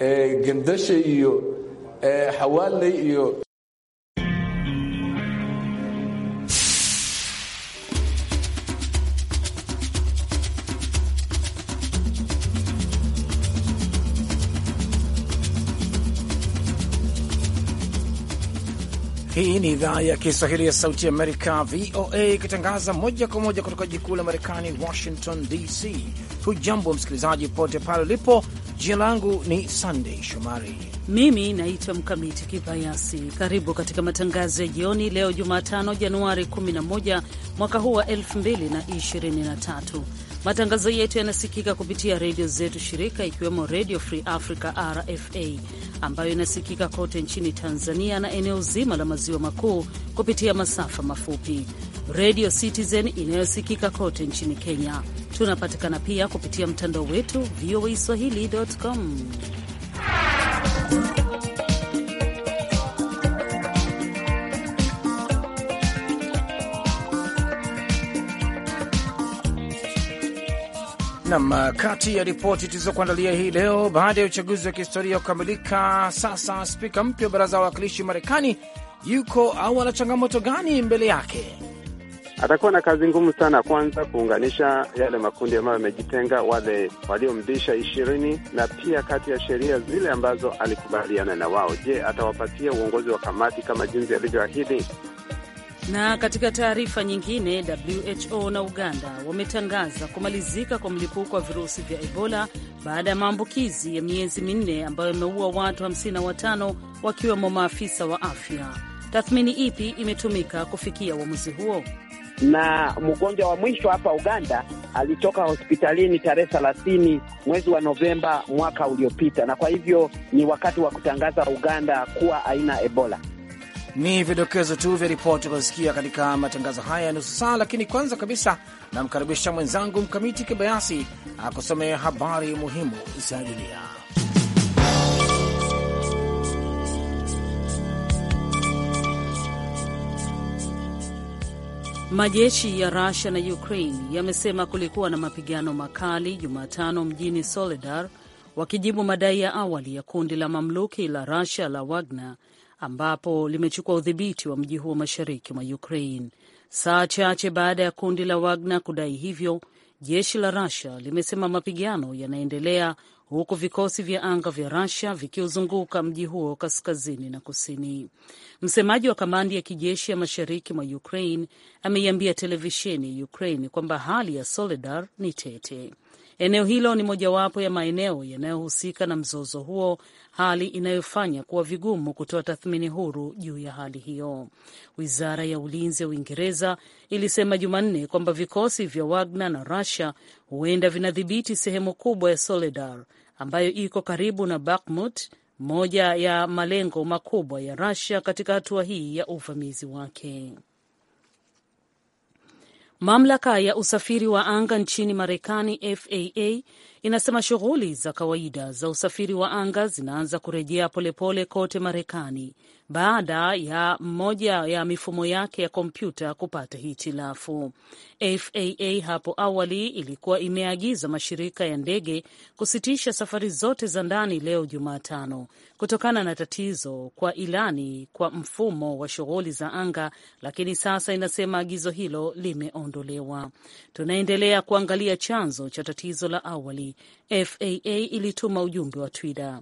Ee, gendashe iyo xawaaley ee, iyo Hii ni idhaa ya Kiswahili ya Sauti ya Amerika, VOA, ikitangaza moja kwa moja kutoka jikuu la Marekani, Washington DC. Hujambo msikilizaji popote pale ulipo, Jina langu ni sandey Shomari. Mimi naitwa Mkamiti Kibayasi. Karibu katika matangazo ya jioni leo Jumatano, Januari 11 mwaka huu wa 2023. Matangazo yetu yanasikika kupitia redio zetu shirika, ikiwemo Redio Free Africa RFA ambayo inasikika kote nchini Tanzania na eneo zima la maziwa makuu kupitia masafa mafupi, Redio Citizen inayosikika kote nchini Kenya Tunapatikana pia kupitia mtandao wetu VOA Swahili.com. Nam, kati ya ripoti tulizokuandalia hii leo, baada ya uchaguzi wa kihistoria kukamilika, sasa spika mpya wa baraza la wawakilishi Marekani yuko au ana changamoto gani mbele yake? atakuwa na kazi ngumu sana, kwanza kuunganisha yale makundi ambayo yamejitenga, wale waliomdisha ishirini, na pia kati ya sheria zile ambazo alikubaliana na wao. Je, atawapatia uongozi wa kamati kama jinsi alivyoahidi? Na katika taarifa nyingine, WHO na Uganda wametangaza kumalizika kwa mlipuko wa virusi vya Ebola baada ya maambukizi ya miezi minne ambayo yameua watu 55 wakiwemo maafisa wa afya. Tathmini ipi imetumika kufikia uamuzi huo? na mgonjwa wa mwisho hapa Uganda alitoka hospitalini tarehe thelathini mwezi wa Novemba mwaka uliopita, na kwa hivyo ni wakati wa kutangaza Uganda kuwa aina Ebola. Ni vidokezo tu vya ripoti kusikia katika matangazo haya ya nusu saa, lakini kwanza kabisa namkaribisha mwenzangu Mkamiti Kibayasi akusomea habari muhimu za dunia. Majeshi ya rasia na Ukraine yamesema kulikuwa na mapigano makali Jumatano mjini Soledar wakijibu madai ya awali ya kundi la mamluki la rusia la Wagner ambapo limechukua udhibiti wa mji huo mashariki mwa Ukraine. Saa chache baada ya kundi la Wagner kudai hivyo, jeshi la rusia limesema mapigano yanaendelea huku vikosi vya anga vya rasia vikiuzunguka mji huo kaskazini na kusini. Msemaji wa kamandi ya kijeshi ya mashariki mwa Ukraine ameiambia televisheni ya Ukraine kwamba hali ya Soledar ni tete. Eneo hilo ni mojawapo ya maeneo yanayohusika na mzozo huo, hali inayofanya kuwa vigumu kutoa tathmini huru juu ya hali hiyo. Wizara ya ulinzi ya Uingereza ilisema Jumanne kwamba vikosi vya Wagner na Russia huenda vinadhibiti sehemu kubwa ya Soledar ambayo iko karibu na Bakhmut, moja ya malengo makubwa ya Russia katika hatua hii ya uvamizi wake. Mamlaka ya usafiri wa anga nchini Marekani, FAA, inasema shughuli za kawaida za usafiri wa anga zinaanza kurejea polepole kote Marekani baada ya mmoja ya mifumo yake ya kompyuta kupata hitilafu. FAA hapo awali ilikuwa imeagiza mashirika ya ndege kusitisha safari zote za ndani leo Jumatano kutokana na tatizo kwa ilani kwa mfumo wa shughuli za anga, lakini sasa inasema agizo hilo limeondolewa. Tunaendelea kuangalia chanzo cha tatizo la awali FAA ilituma ujumbe wa Twitter.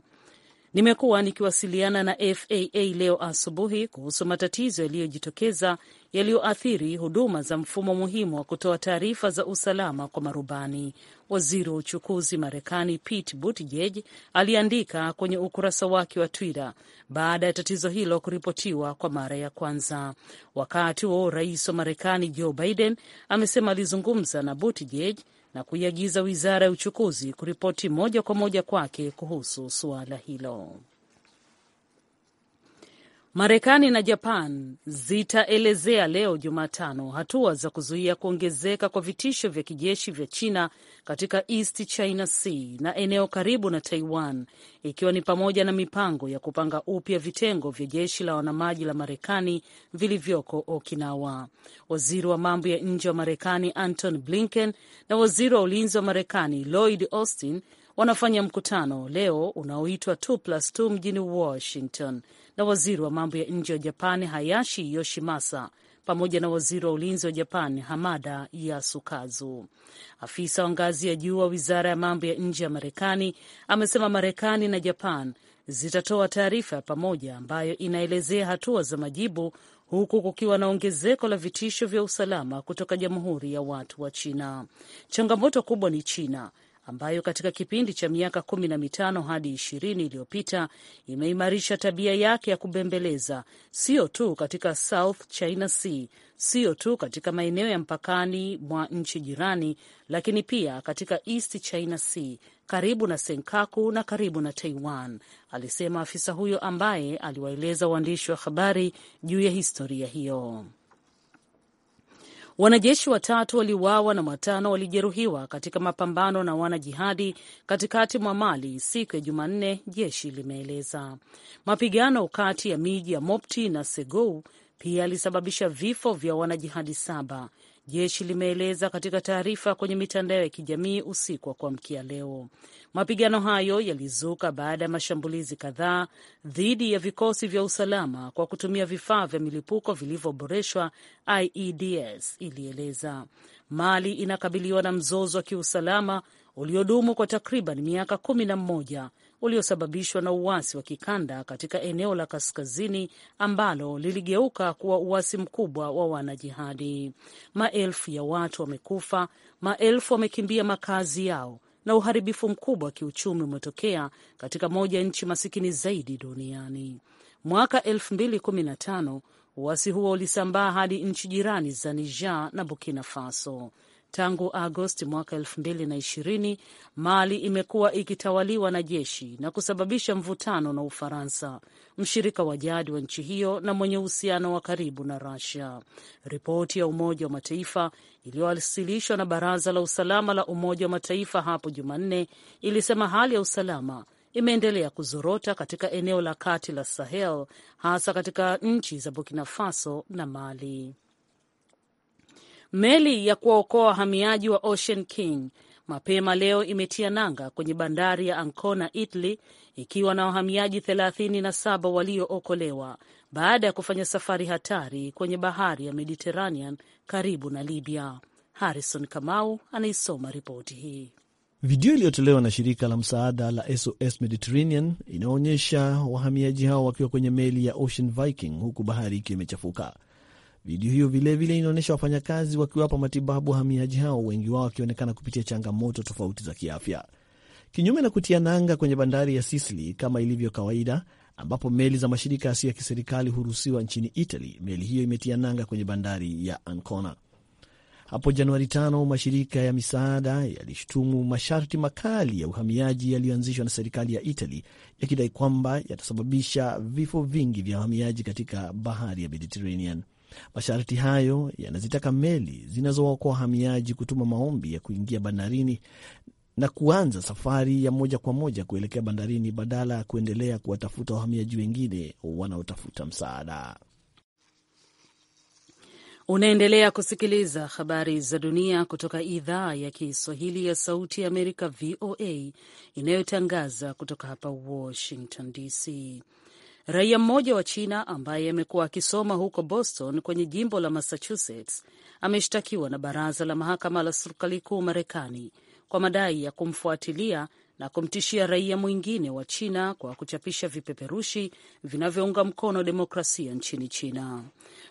Nimekuwa nikiwasiliana na FAA leo asubuhi kuhusu matatizo yaliyojitokeza yaliyoathiri huduma za mfumo muhimu wa kutoa taarifa za usalama kwa marubani, waziri wa uchukuzi Marekani Pete Buttigieg aliandika kwenye ukurasa wake wa Twitter baada ya tatizo hilo kuripotiwa kwa mara ya kwanza. Wakati huo rais wa Marekani Joe Biden amesema alizungumza na Buttigieg na kuiagiza wizara ya uchukuzi kuripoti moja kwa moja kwake kuhusu suala hilo. Marekani na Japan zitaelezea leo Jumatano hatua za kuzuia kuongezeka kwa vitisho vya kijeshi vya China katika East China Sea na eneo karibu na Taiwan, ikiwa ni pamoja na mipango ya kupanga upya vitengo vya jeshi la wanamaji la Marekani vilivyoko Okinawa. Waziri wa mambo ya nje wa Marekani Anton Blinken na waziri wa ulinzi wa Marekani Lloyd Austin wanafanya mkutano leo unaoitwa 2+2 mjini Washington na waziri wa mambo ya nje wa Japani Hayashi Yoshimasa pamoja na waziri wa ulinzi wa Japan Hamada Yasukazu. Afisa wa ngazi ya juu wa wizara ya mambo ya nje ya Marekani amesema Marekani na Japan zitatoa taarifa ya pamoja ambayo inaelezea hatua za majibu, huku kukiwa na ongezeko la vitisho vya usalama kutoka Jamhuri ya Watu wa China. Changamoto kubwa ni China ambayo katika kipindi cha miaka kumi na mitano hadi ishirini iliyopita imeimarisha tabia yake ya kubembeleza, sio tu katika South China Sea, sio tu katika maeneo ya mpakani mwa nchi jirani, lakini pia katika East China Sea karibu na Senkaku na karibu na Taiwan, alisema afisa huyo ambaye aliwaeleza waandishi wa habari juu ya historia hiyo. Wanajeshi watatu waliuawa na watano walijeruhiwa katika mapambano na wanajihadi katikati mwa Mali siku ya Jumanne, jeshi limeeleza. Mapigano kati ya miji ya Mopti na Segou pia alisababisha vifo vya wanajihadi saba jeshi limeeleza katika taarifa kwenye mitandao ya kijamii usiku wa kuamkia leo. Mapigano hayo yalizuka baada ya mashambulizi kadhaa dhidi ya vikosi vya usalama kwa kutumia vifaa vya milipuko vilivyoboreshwa, IEDs ilieleza. Mali inakabiliwa na mzozo wa kiusalama uliodumu kwa takriban miaka kumi na mmoja uliosababishwa na uasi wa kikanda katika eneo la kaskazini ambalo liligeuka kuwa uasi mkubwa wa wanajihadi. Maelfu ya watu wamekufa, maelfu wamekimbia makazi yao na uharibifu mkubwa wa kiuchumi umetokea katika moja ya nchi masikini zaidi duniani. Mwaka 2015 uasi huo ulisambaa hadi nchi jirani za Niger na Burkina Faso. Tangu Agosti mwaka elfu mbili na ishirini, Mali imekuwa ikitawaliwa na jeshi na kusababisha mvutano na Ufaransa, mshirika wa jadi wa nchi hiyo na mwenye uhusiano wa karibu na rasia Ripoti ya Umoja wa Mataifa iliyowasilishwa na Baraza la Usalama la Umoja wa Mataifa hapo Jumanne ilisema hali ya usalama imeendelea kuzorota katika eneo la kati la Sahel, hasa katika nchi za Burkina Faso na Mali. Meli ya kuwaokoa wahamiaji wa Ocean King mapema leo imetia nanga kwenye bandari ya Ancona, Italy, ikiwa na wahamiaji 37 waliookolewa baada ya kufanya safari hatari kwenye bahari ya Mediterranean karibu na Libya. Harrison Kamau anaisoma ripoti hii. Video iliyotolewa na shirika la msaada la SOS Mediterranean inaonyesha wahamiaji hao wakiwa kwenye meli ya Ocean Viking huku bahari ikiwa imechafuka. Video hiyo vilevile inaonyesha wafanyakazi wakiwapa matibabu wahamiaji hao, wengi wao wakionekana kupitia changamoto tofauti za kiafya. Kinyume na kutia nanga kwenye bandari ya Sisili kama ilivyo kawaida, ambapo meli za mashirika yasiyo ya kiserikali huruhusiwa nchini Italy, meli hiyo imetia nanga kwenye bandari ya Ancona. Hapo Januari tano, mashirika ya misaada yalishutumu masharti makali ya uhamiaji yaliyoanzishwa na serikali ya Italy yakidai kwamba yatasababisha vifo vingi vya wahamiaji katika bahari ya Mediterranean. Masharti hayo yanazitaka meli zinazookoa wahamiaji kutuma maombi ya kuingia bandarini na kuanza safari ya moja kwa moja kuelekea bandarini badala ya kuendelea kuwatafuta wahamiaji wengine wanaotafuta msaada. Unaendelea kusikiliza habari za dunia kutoka idhaa ya Kiswahili ya Sauti ya Amerika, VOA, inayotangaza kutoka hapa Washington DC. Raia mmoja wa China ambaye amekuwa akisoma huko Boston kwenye jimbo la Massachusetts ameshtakiwa na baraza la mahakama la serikali kuu Marekani kwa madai ya kumfuatilia na kumtishia raia mwingine wa China kwa kuchapisha vipeperushi vinavyounga mkono demokrasia nchini China.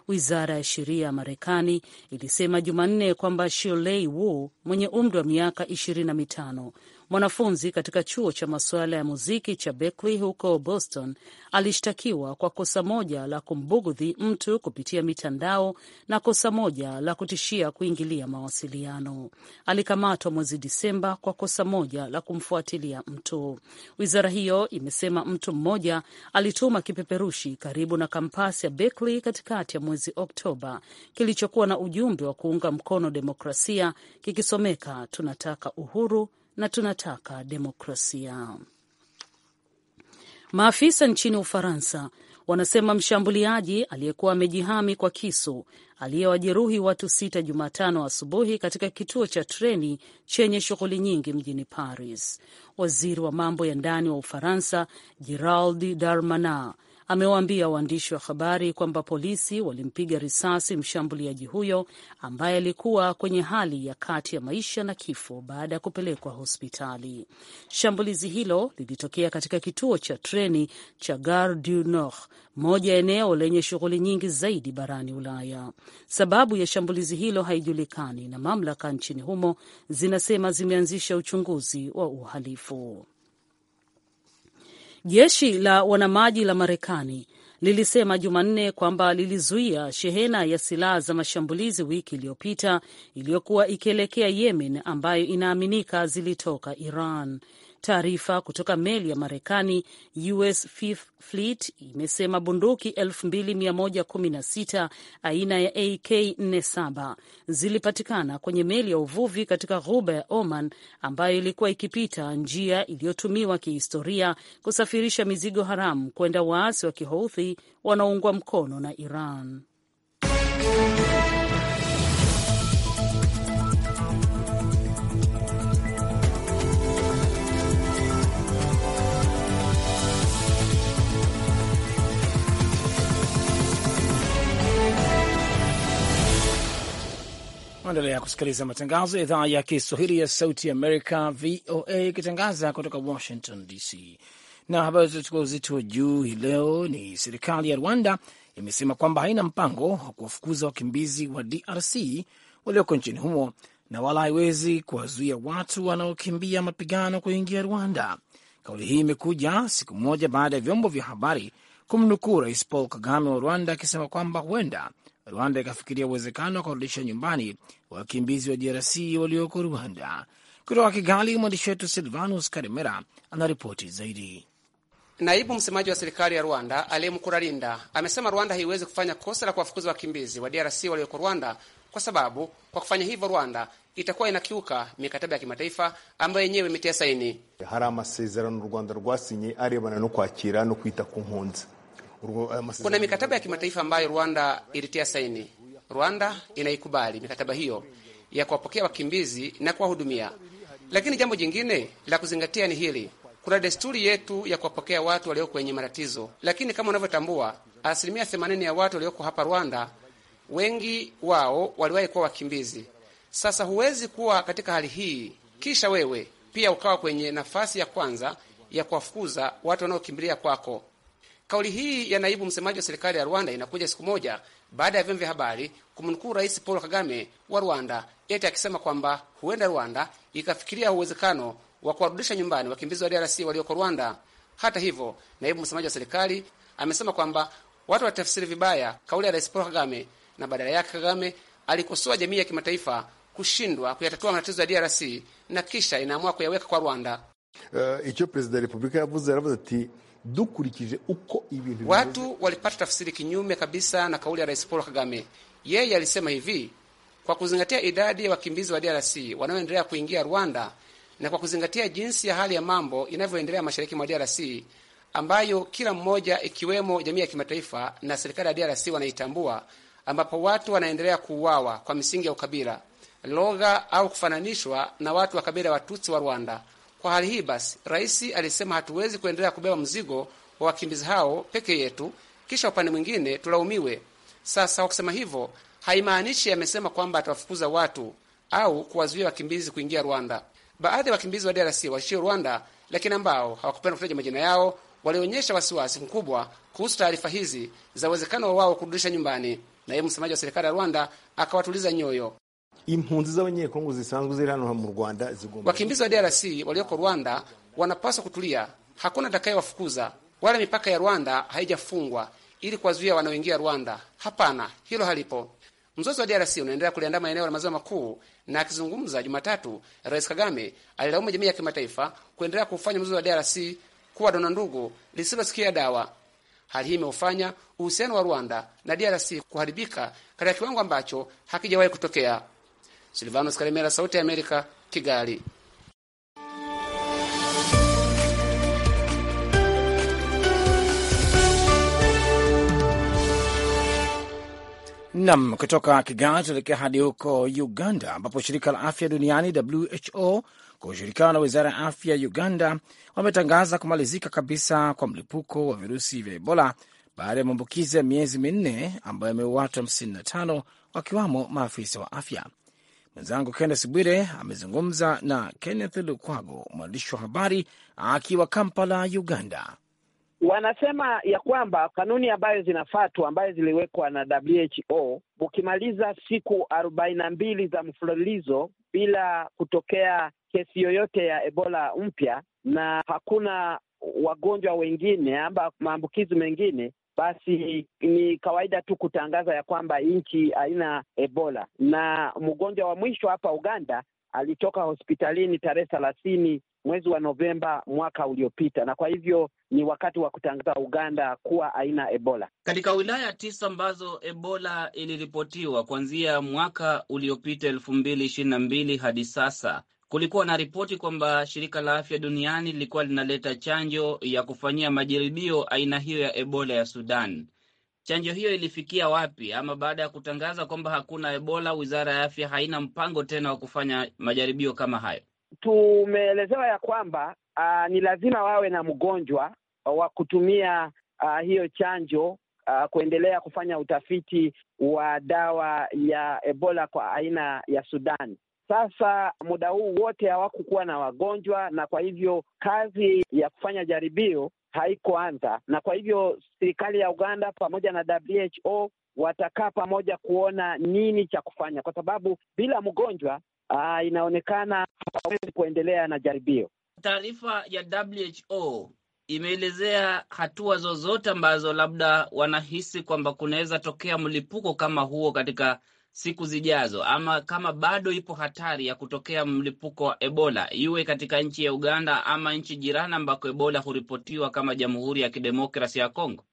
Wizara ya sheria ya Marekani ilisema Jumanne kwamba Shiolei Wu mwenye umri wa miaka ishirini na mitano mwanafunzi katika chuo cha masuala ya muziki cha Berkeley huko Boston, alishtakiwa kwa kosa moja la kumbugudhi mtu kupitia mitandao na kosa moja la kutishia kuingilia mawasiliano. Alikamatwa mwezi Disemba kwa kosa moja la kumfuatilia mtu. Wizara hiyo imesema mtu mmoja alituma kipeperushi karibu na kampasi ya Berkeley katikati ya mwezi Oktoba kilichokuwa na ujumbe wa kuunga mkono demokrasia kikisomeka tunataka uhuru na tunataka demokrasia. Maafisa nchini Ufaransa wanasema mshambuliaji aliyekuwa amejihami kwa kisu aliyewajeruhi watu sita Jumatano asubuhi katika kituo cha treni chenye shughuli nyingi mjini Paris. Waziri wa mambo ya ndani wa Ufaransa Gerald Darmanin amewaambia waandishi wa habari kwamba polisi walimpiga risasi mshambuliaji huyo ambaye alikuwa kwenye hali ya kati ya maisha na kifo baada ya kupelekwa hospitali. Shambulizi hilo lilitokea katika kituo cha treni cha Gare du Nord, moja ya eneo lenye shughuli nyingi zaidi barani Ulaya. Sababu ya shambulizi hilo haijulikani na mamlaka nchini humo zinasema zimeanzisha uchunguzi wa uhalifu. Jeshi la wanamaji la Marekani lilisema Jumanne kwamba lilizuia shehena ya silaha za mashambulizi wiki iliyopita iliyokuwa ikielekea Yemen ambayo inaaminika zilitoka Iran. Taarifa kutoka meli ya Marekani US Fifth Fleet imesema bunduki 2116 aina ya AK47 zilipatikana kwenye meli ya uvuvi katika ghuba ya Oman ambayo ilikuwa ikipita njia iliyotumiwa kihistoria kusafirisha mizigo haramu kwenda waasi wa Kihouthi wanaoungwa mkono na Iran. Endelea kusikiliza matangazo ya idhaa ya Kiswahili ya Sauti Amerika, VOA, ikitangaza kutoka Washington DC. Na habari zilizochukua uzito wa juu hii leo ni serikali ya Rwanda imesema kwamba haina mpango wa kuwafukuza wakimbizi wa DRC walioko nchini humo na wala haiwezi kuwazuia watu wanaokimbia mapigano kuingia Rwanda. Kauli hii imekuja siku moja baada ya vyombo vya habari kumnukuu Rais Paul Kagame wa Rwanda akisema kwamba huenda Rwanda ikafikiria uwezekano wa kurudisha nyumbani wakimbizi wa DRC walioko Rwanda. Kutoka Kigali, mwandishi wetu Silvanus Karimera anaripoti zaidi. Naibu msemaji wa serikali ya Rwanda kuralinda amesema Rwanda haiwezi kufanya kosa la kuwafukuza wakimbizi wa DRC walioko Rwanda kwa sababu kwa kufanya hivyo Rwanda itakuwa inakiuka mikataba ya kimataifa ambayo yenyewe imetia saini. hari amasezerano u Rwanda rwasinye arebana no kwakira no kwita ku mpunzi Eh, kuna mikataba ya kimataifa ambayo Rwanda ilitia saini. Rwanda inaikubali mikataba hiyo ya kuwapokea wakimbizi na kuwahudumia. Lakini jambo jingine la kuzingatia ni hili: kuna desturi yetu ya kuwapokea watu walioko kwenye matatizo, lakini kama unavyotambua, asilimia 80 ya watu walioko hapa Rwanda, wengi wao waliwahi kuwa wakimbizi. Sasa huwezi kuwa katika hali hii kisha wewe pia ukawa kwenye nafasi ya kwanza ya kuwafukuza watu wanaokimbilia kwako. Kauli hii ya naibu msemaji wa serikali ya Rwanda inakuja siku moja baada ya vyombo vya habari kumnukuu Rais Paul Kagame wa Rwanda eti akisema kwamba huenda Rwanda ikafikiria uwezekano wa kuwarudisha nyumbani wakimbizi wa DRC walioko Rwanda. Hata hivyo, naibu msemaji wa serikali amesema kwamba watu watafsiri vibaya kauli ya Rais Paul Kagame, na badala yake Kagame alikosoa jamii ya kimataifa kushindwa kuyatatua matatizo ya DRC na kisha inaamua kuyaweka kwa Rwanda. Uh, dukurikije uko ibintu watu walipata tafsiri kinyume kabisa na kauli ya Rais Paul Kagame. Yeye alisema hivi: kwa kuzingatia idadi ya wakimbizi wa DRC wanaoendelea kuingia Rwanda na kwa kuzingatia jinsi ya hali ya mambo inavyoendelea mashariki mwa DRC ambayo kila mmoja ikiwemo jamii ya kimataifa na serikali ya DRC wanaitambua, ambapo watu wanaendelea kuuawa kwa misingi ya ukabila, lugha au kufananishwa na watu wa kabila Watutsi wa Rwanda kwa hali hii basi, rais alisema hatuwezi kuendelea kubeba mzigo wa wakimbizi hao peke yetu, kisha upande mwingine tulaumiwe. Sasa kwa kusema hivyo, haimaanishi amesema kwamba atawafukuza watu au kuwazuia wakimbizi kuingia Rwanda. Baadhi ya wakimbizi wa DRC waishio Rwanda, lakini ambao hawakupenda kutaja majina yao, walionyesha wasiwasi mkubwa kuhusu taarifa hizi za uwezekano wa wao kurudisha nyumbani. Naye msemaji wa serikali ya Rwanda akawatuliza nyoyo impunzi z'abanyekongo zisanzwe ziri hano mu Rwanda zigomba. Wakimbizi wa DRC walioko Rwanda wanapaswa kutulia, hakuna atakayewafukuza wala mipaka ya Rwanda haijafungwa ili kuwazuia wanaoingia Rwanda. Hapana, hilo halipo. Mzozo wa DRC unaendelea kuliandama maeneo la maziwa makuu, na akizungumza Jumatatu, Rais Kagame alilaumu jamii ya kimataifa kuendelea kuufanya mzozo wa DRC kuwa dona ndugu lisilosikia dawa. Hali hii imeufanya uhusiano wa Rwanda na DRC kuharibika katika kiwango ambacho hakijawahi kutokea. Silvanos Kalemera, Sauti ya Amerika, Kigali. Nam, kutoka Kigali tuelekea hadi huko Uganda, ambapo shirika la afya duniani WHO kwa ushirikiano na wizara ya afya Uganda wametangaza kumalizika kabisa kwa mlipuko wa virusi vya Ebola baada ya maambukizi ya miezi minne ambayo yameua watu 55 wakiwamo maafisa wa afya. Mwenzangu Kennes Bwire amezungumza na Kenneth Lukwago, mwandishi wa habari akiwa Kampala, Uganda. Wanasema ya kwamba kanuni ambayo zinafatwa ambayo ziliwekwa na WHO, ukimaliza siku arobaini na mbili za mfululizo bila kutokea kesi yoyote ya Ebola mpya na hakuna wagonjwa wengine ama maambukizi mengine, basi ni kawaida tu kutangaza ya kwamba nchi haina Ebola. Na mgonjwa wa mwisho hapa Uganda alitoka hospitalini tarehe thelathini mwezi wa Novemba mwaka uliopita, na kwa hivyo ni wakati wa kutangaza Uganda kuwa aina Ebola. Katika wilaya tisa ambazo Ebola iliripotiwa kuanzia mwaka uliopita elfu mbili ishirini na mbili hadi sasa, kulikuwa na ripoti kwamba shirika la afya duniani lilikuwa linaleta chanjo ya kufanyia majaribio aina hiyo ya Ebola ya Sudan. Chanjo hiyo ilifikia wapi? Ama baada ya kutangaza kwamba hakuna Ebola, wizara ya afya haina mpango tena wa kufanya majaribio kama hayo. Tumeelezewa ya kwamba uh, ni lazima wawe na mgonjwa wa kutumia uh, hiyo chanjo Uh, kuendelea kufanya utafiti wa dawa ya Ebola kwa aina ya Sudan. Sasa muda huu wote hawakukuwa na wagonjwa, na kwa hivyo kazi ya kufanya jaribio haikuanza, na kwa hivyo serikali ya Uganda pamoja na WHO watakaa pamoja kuona nini cha kufanya, kwa sababu bila mgonjwa aa, ah, inaonekana hawawezi kuendelea na jaribio. Taarifa ya WHO imeelezea hatua zozote ambazo labda wanahisi kwamba kunaweza tokea mlipuko kama huo katika siku zijazo, ama kama bado ipo hatari ya kutokea mlipuko wa Ebola, iwe katika nchi ya Uganda ama nchi jirani ambako Ebola huripotiwa kama Jamhuri ya Kidemokrasia ya Kongo?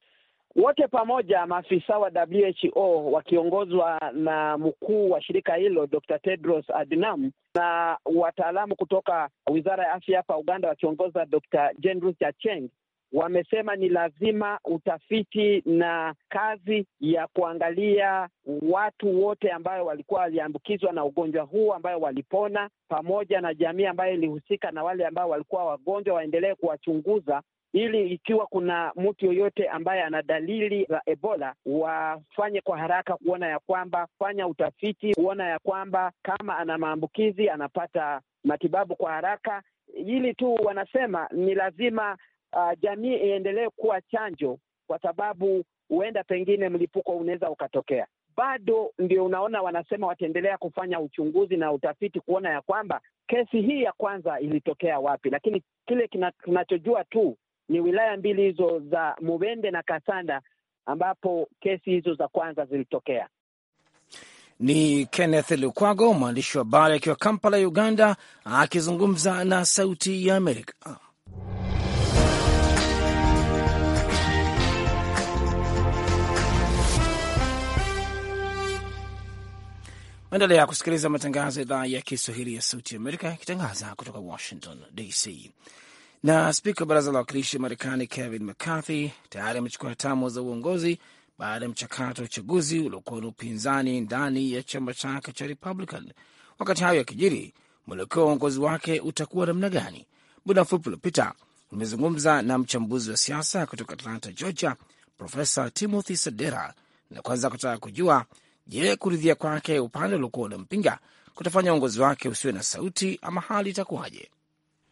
Wote pamoja maafisa wa WHO wakiongozwa na mkuu wa shirika hilo Dr. Tedros Adhanom na wataalamu kutoka Wizara ya Afya hapa Uganda wakiongozwa Dr. Jane Ruth Acheng wamesema ni lazima utafiti na kazi ya kuangalia watu wote ambayo walikuwa waliambukizwa na ugonjwa huu ambayo walipona, pamoja na jamii ambayo ilihusika na wale ambao walikuwa wagonjwa, waendelee kuwachunguza ili ikiwa kuna mtu yoyote ambaye ana dalili za Ebola wafanye kwa haraka kuona ya kwamba, fanya utafiti kuona ya kwamba kama ana maambukizi anapata matibabu kwa haraka. Hili tu wanasema ni lazima uh, jamii iendelee kuwa chanjo, kwa sababu huenda pengine mlipuko unaweza ukatokea. Bado ndio unaona wanasema wataendelea kufanya uchunguzi na utafiti kuona ya kwamba kesi hii ya kwanza ilitokea wapi, lakini kile tunachojua tu ni wilaya mbili hizo za Mubende na Kasanda ambapo kesi hizo za kwanza zilitokea. Ni Kenneth Lukwago, mwandishi wa habari akiwa Kampala, Uganda, akizungumza na Sauti ya Amerika. Maendelea kusikiliza matangazo ya idhaa ya Kiswahili ya Sauti Amerika yakitangaza kutoka Washington DC. Na spika wa baraza la wawakilishi Marekani Kevin McCarthy tayari amechukua hatamu za uongozi baada ya mchakato wa uchaguzi uliokuwa na upinzani ndani ya chama chake cha Republican. Wakati hayo yakijiri, mwelekeo wa uongozi wake utakuwa namna gani? Muda mfupi uliopita nimezungumza na mchambuzi wa siasa kutoka Atlanta, Georgia, Profesa Timothy Sadera, na kwanza kutaka kujua Je, kuridhia kwake upande uliokuwa unampinga kutafanya uongozi wake usiwe na sauti ama hali itakuwaje?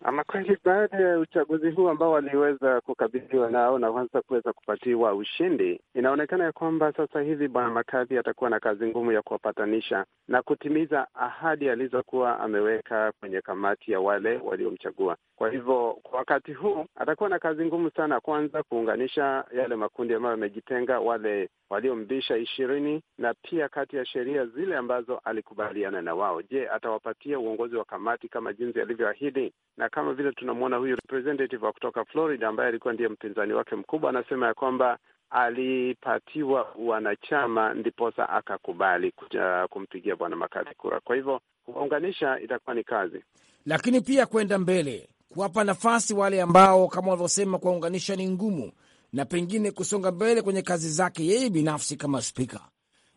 Ama kweli baada ya uchaguzi huu ambao waliweza kukabidhiwa nao na kwanza kuweza kupatiwa ushindi, inaonekana ya kwamba sasa hivi Bwana Makadhi atakuwa na kazi ngumu ya kuwapatanisha na kutimiza ahadi alizokuwa ameweka kwenye kamati ya wale waliomchagua. Kwa hivyo kwa wakati huu atakuwa na kazi ngumu sana, kwanza kuunganisha yale makundi ambayo yamejitenga, wale waliomdisha ishirini na pia kati ya sheria zile ambazo alikubaliana na wao. Je, atawapatia uongozi wa kamati kama jinsi alivyoahidi? Na kama vile tunamwona huyu representative wa kutoka Florida ambaye alikuwa ndiye mpinzani wake mkubwa, anasema ya kwamba alipatiwa wanachama ndiposa akakubali uh, kumpigia bwana Makati kura. Kwa hivyo kuwaunganisha itakuwa ni kazi, lakini pia kwenda mbele, kuwapa nafasi wale ambao kama walivyosema kuwaunganisha ni ngumu na pengine kusonga mbele kwenye kazi zake yeye binafsi kama spika.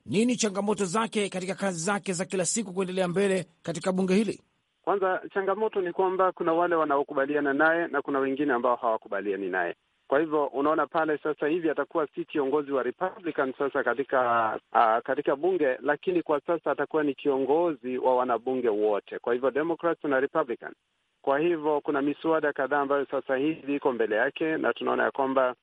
Nini changamoto zake katika kazi zake za kila siku kuendelea mbele katika bunge hili? Kwanza, changamoto ni kwamba kuna wale wanaokubaliana naye na kuna wengine ambao hawakubaliani naye. Kwa hivyo unaona pale sasa hivi atakuwa si kiongozi wa Republican sasa katika uh, katika bunge, lakini kwa sasa atakuwa ni kiongozi wa wanabunge wote, kwa hivyo Democrats na Republican. Kwa hivyo kuna miswada kadhaa ambayo sasa hivi iko mbele yake na tunaona ya kwamba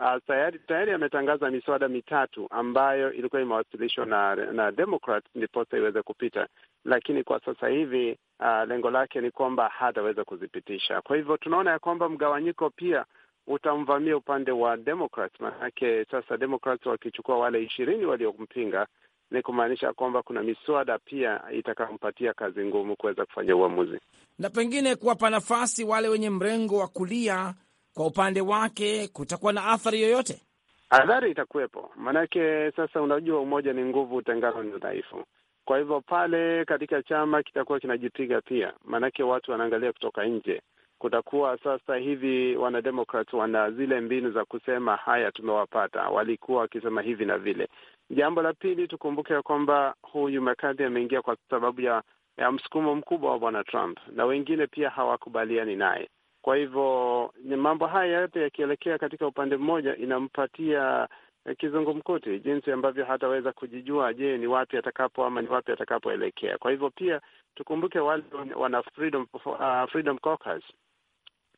uh, tayari tayari ametangaza miswada mitatu ambayo ilikuwa imewasilishwa na na Democrat ndiposa iweze kupita, lakini kwa sasa hivi uh, lengo lake ni kwamba hataweza kuzipitisha. Kwa hivyo tunaona ya kwamba mgawanyiko pia utamvamia upande wa Democrat, manake sasa Democrat wakichukua wale ishirini waliompinga ni kumaanisha kwamba kuna miswada pia itakampatia kazi ngumu kuweza kufanya uamuzi na pengine kuwapa nafasi wale wenye mrengo wa kulia kwa upande wake kutakuwa na athari yoyote? Athari itakuwepo, maanake sasa, unajua umoja ni nguvu, utengano ni udhaifu. Kwa hivyo pale katika chama kitakuwa kinajipiga pia, maanake watu wanaangalia kutoka nje. Kutakuwa sasa hivi wanademokrat wana zile mbinu za kusema haya, tumewapata, walikuwa wakisema hivi na vile. Jambo la pili, tukumbuke kwamba huyu McCarthy ameingia kwa sababu ya ya msukumo mkubwa wa bwana Trump na wengine pia hawakubaliani naye. Kwa hivyo mambo haya yote yakielekea katika upande mmoja, inampatia eh, kizungumkuti jinsi ambavyo hataweza kujijua, je, ni wapi atakapo ama ni wapi atakapoelekea. Kwa hivyo pia tukumbuke wale wana freedom, uh, freedom caucus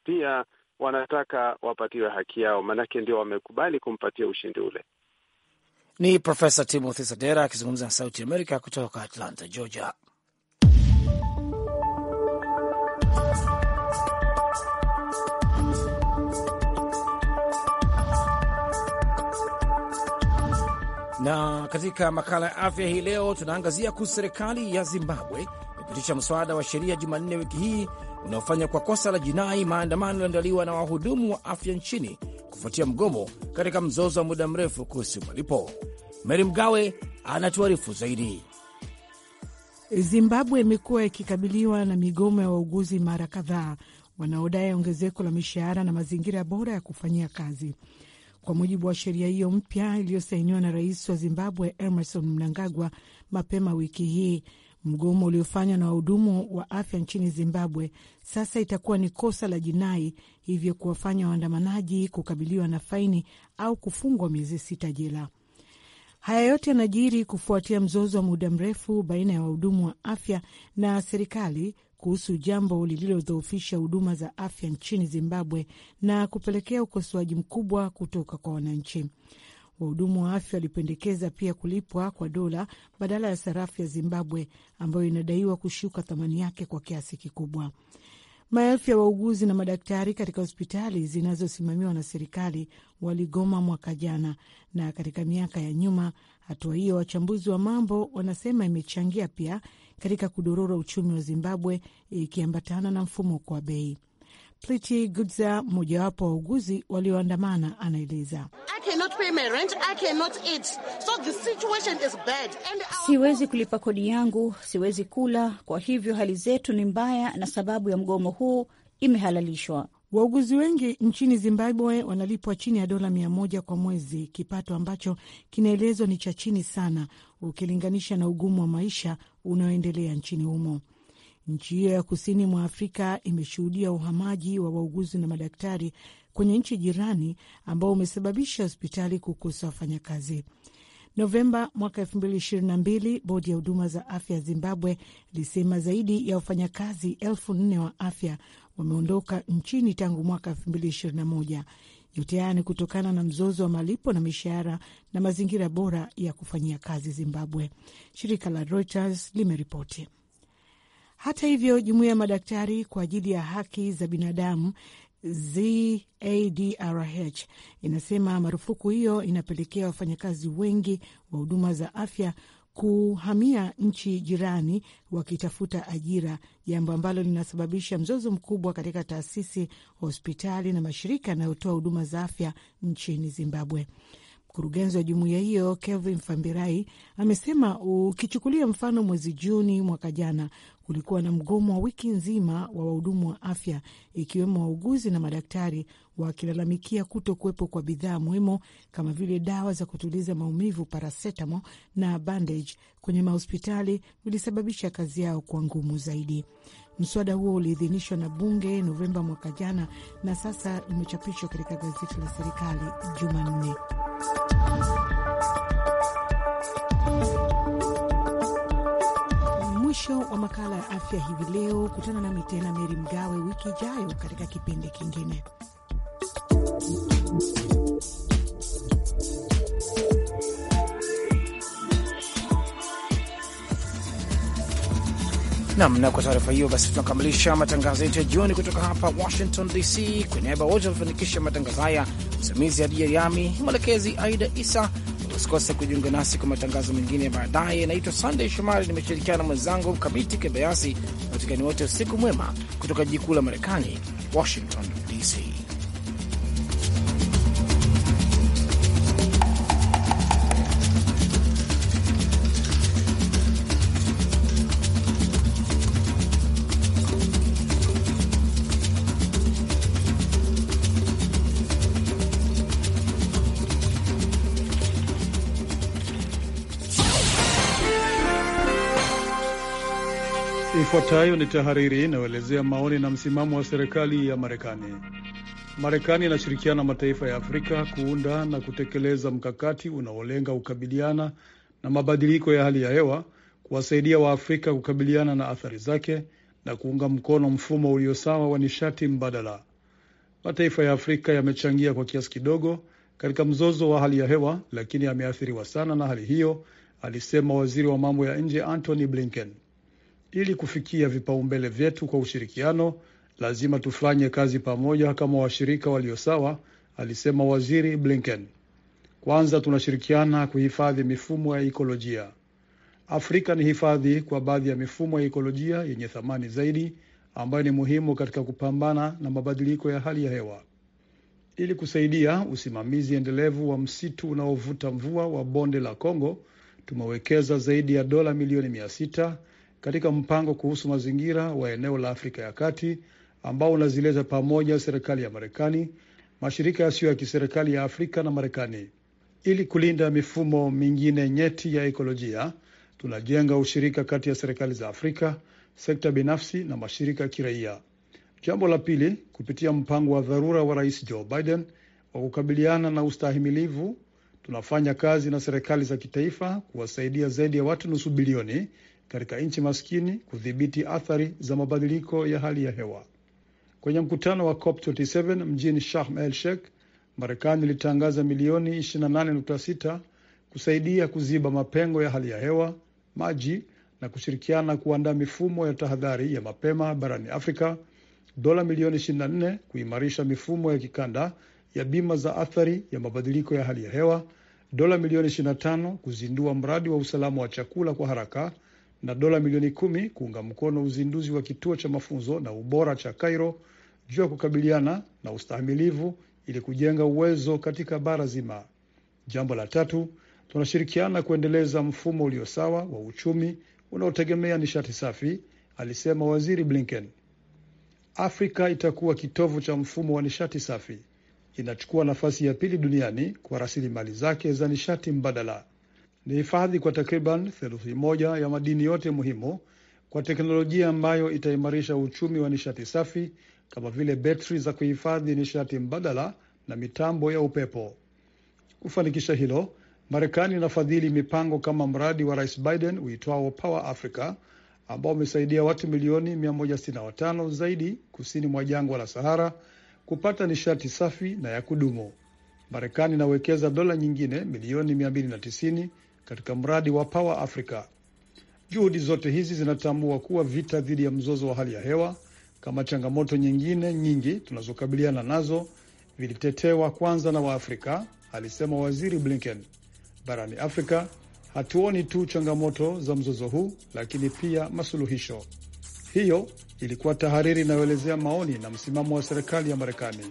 pia wanataka wapatiwe haki yao, maanake ndio wamekubali kumpatia ushindi ule. Ni Profesa Timothy Sadera akizungumza na Sauti Amerika kutoka Atlanta, Georgia. Na katika makala ya afya hii leo tunaangazia kuhusu serikali ya Zimbabwe imepitisha mswada wa sheria Jumanne wiki hii unaofanya kwa kosa la jinai maandamano yaliandaliwa na wahudumu wa afya nchini kufuatia mgomo katika mzozo wa muda mrefu kuhusu malipo. Meri Mgawe anatuarifu zaidi. Zimbabwe imekuwa ikikabiliwa na migomo ya wauguzi mara kadhaa wanaodai ongezeko la mishahara na mazingira bora ya kufanyia kazi. Kwa mujibu wa sheria hiyo mpya iliyosainiwa na rais wa Zimbabwe Emerson Mnangagwa mapema wiki hii, mgomo uliofanywa na wahudumu wa afya nchini Zimbabwe sasa itakuwa ni kosa la jinai, hivyo kuwafanya waandamanaji kukabiliwa na faini au kufungwa miezi sita jela. Haya yote yanajiri kufuatia mzozo wa muda mrefu baina ya wahudumu wa afya na serikali kuhusu jambo lililodhoofisha huduma za afya nchini Zimbabwe na kupelekea ukosoaji mkubwa kutoka kwa wananchi. Wahudumu wa afya walipendekeza pia kulipwa kwa dola badala ya sarafu ya Zimbabwe ambayo inadaiwa kushuka thamani yake kwa kiasi kikubwa. Maelfu ya wauguzi na madaktari katika hospitali zinazosimamiwa na serikali waligoma mwaka jana na katika miaka ya nyuma. Hatua hiyo, wachambuzi wa mambo wanasema, imechangia pia katika kudorora uchumi wa Zimbabwe ikiambatana na mfumuko wa bei. Pliti Gudza, mmojawapo wa wauguzi walioandamana, anaeleza siwezi kulipa kodi yangu, siwezi kula, kwa hivyo hali zetu ni mbaya, na sababu ya mgomo huu imehalalishwa. Wauguzi wengi nchini Zimbabwe wanalipwa chini ya dola mia moja kwa mwezi, kipato ambacho kinaelezwa ni cha chini sana ukilinganisha na ugumu wa maisha unaoendelea nchini humo. Nchi hiyo ya kusini mwa Afrika imeshuhudia uhamaji wa wauguzi na madaktari kwenye nchi jirani ambao umesababisha hospitali kukosa wafanyakazi. Novemba mwaka 2022 bodi ya huduma za afya ya Zimbabwe ilisema zaidi ya wafanyakazi elfu nne wa afya wameondoka nchini tangu mwaka 2021 yote haya ni kutokana na mzozo wa malipo na mishahara na mazingira bora ya kufanyia kazi Zimbabwe, shirika la Reuters limeripoti. Hata hivyo, jumuiya ya madaktari kwa ajili ya haki za binadamu ZADRH inasema marufuku hiyo inapelekea wafanyakazi wengi wa huduma za afya kuhamia nchi jirani wakitafuta ajira, jambo ambalo linasababisha mzozo mkubwa katika taasisi, hospitali na mashirika yanayotoa huduma za afya nchini Zimbabwe. Mkurugenzi wa jumuiya hiyo Kevin Fambirai amesema ukichukulia mfano, mwezi Juni mwaka jana kulikuwa na mgomo wa wiki nzima wa wahudumu wa afya ikiwemo wauguzi na madaktari wakilalamikia kuto kuwepo kwa bidhaa muhimu kama vile dawa za kutuliza maumivu parasetamo na bandage kwenye mahospitali vilisababisha kazi yao kuwa ngumu zaidi. Mswada huo uliidhinishwa na bunge Novemba mwaka jana na sasa umechapishwa katika gazeti la serikali Jumanne. Mwisho wa makala ya afya hivi leo. Kutana nami tena Meri Mgawe wiki ijayo katika kipindi kingine. nam. Na kwa taarifa hiyo basi, tunakamilisha matangazo yetu ya jioni kutoka hapa Washington DC. Kwa niaba wote wamefanikisha matangazo haya, msimamizi Adia Riami, mwelekezi Aida Isa. Usikose kujiunga nasi kwa matangazo mengine ya baadaye. Naitwa Sandey Shomari, nimeshirikiana na mwenzangu Mkamiti Kibayasi. Watikani wote usiku mwema, kutoka jiji kuu la Marekani, Washington. Ifuatayo ni tahariri inayoelezea maoni na msimamo wa serikali ya Marekani. Marekani inashirikiana na mataifa ya Afrika kuunda na kutekeleza mkakati unaolenga kukabiliana na mabadiliko ya hali ya hewa, kuwasaidia Waafrika kukabiliana na athari zake na kuunga mkono mfumo uliosawa wa nishati mbadala. Mataifa ya Afrika yamechangia kwa kiasi kidogo katika mzozo wa hali ya hewa, lakini yameathiriwa sana na hali hiyo, alisema waziri wa mambo ya nje Antony Blinken. Ili kufikia vipaumbele vyetu kwa ushirikiano, lazima tufanye kazi pamoja kama washirika walio sawa, alisema Waziri Blinken. Kwanza, tunashirikiana kuhifadhi mifumo ya ikolojia. Afrika ni hifadhi kwa baadhi ya mifumo ya ikolojia yenye thamani zaidi ambayo ni muhimu katika kupambana na mabadiliko ya hali ya hewa. Ili kusaidia usimamizi endelevu wa msitu unaovuta mvua wa bonde la Kongo, tumewekeza zaidi ya dola milioni mia sita katika mpango kuhusu mazingira wa eneo la Afrika ya Kati ambao unazileta pamoja serikali ya Marekani, mashirika yasiyo ya kiserikali ya Afrika na Marekani. Ili kulinda mifumo mingine nyeti ya ekolojia, tunajenga ushirika kati ya serikali za Afrika, sekta binafsi na mashirika ya kiraia. Jambo la pili, kupitia mpango wa dharura wa Rais Joe Biden wa kukabiliana na ustahimilivu, tunafanya kazi na serikali za kitaifa kuwasaidia zaidi ya watu nusu bilioni katika nchi maskini kudhibiti athari za mabadiliko ya hali ya hewa. Kwenye mkutano wa COP27 mjini Sharm el Sheikh, Marekani ilitangaza milioni 28.6 kusaidia kuziba mapengo ya hali ya hewa, maji na kushirikiana kuandaa mifumo ya tahadhari ya mapema barani Afrika, dola milioni 24 kuimarisha mifumo ya kikanda ya bima za athari ya mabadiliko ya hali ya hewa, dola milioni 25 kuzindua mradi wa usalama wa chakula kwa haraka na dola milioni kumi kuunga mkono uzinduzi wa kituo cha mafunzo na ubora cha Cairo juu ya kukabiliana na ustahimilivu ili kujenga uwezo katika bara zima. Jambo la tatu, tunashirikiana kuendeleza mfumo ulio sawa wa uchumi unaotegemea nishati safi, alisema Waziri Blinken. Afrika itakuwa kitovu cha mfumo wa nishati safi. Inachukua nafasi ya pili duniani kwa rasilimali zake za nishati mbadala ni hifadhi kwa takriban theluthi moja ya madini yote muhimu kwa teknolojia ambayo itaimarisha uchumi wa nishati safi kama vile betri za kuhifadhi nishati mbadala na mitambo ya upepo. Kufanikisha hilo, Marekani inafadhili mipango kama mradi wa Rais Biden uitwao Power Africa ambao umesaidia watu milioni 165 zaidi kusini mwa jangwa la Sahara kupata nishati safi na ya kudumu. Marekani inawekeza dola nyingine milioni 290 katika mradi wa Power Africa. Juhudi zote hizi zinatambua kuwa vita dhidi ya mzozo wa hali ya hewa kama changamoto nyingine nyingi tunazokabiliana nazo vilitetewa kwanza na Waafrika, alisema Waziri Blinken. Barani Afrika hatuoni tu changamoto za mzozo huu, lakini pia masuluhisho. Hiyo ilikuwa tahariri inayoelezea maoni na msimamo wa serikali ya Marekani.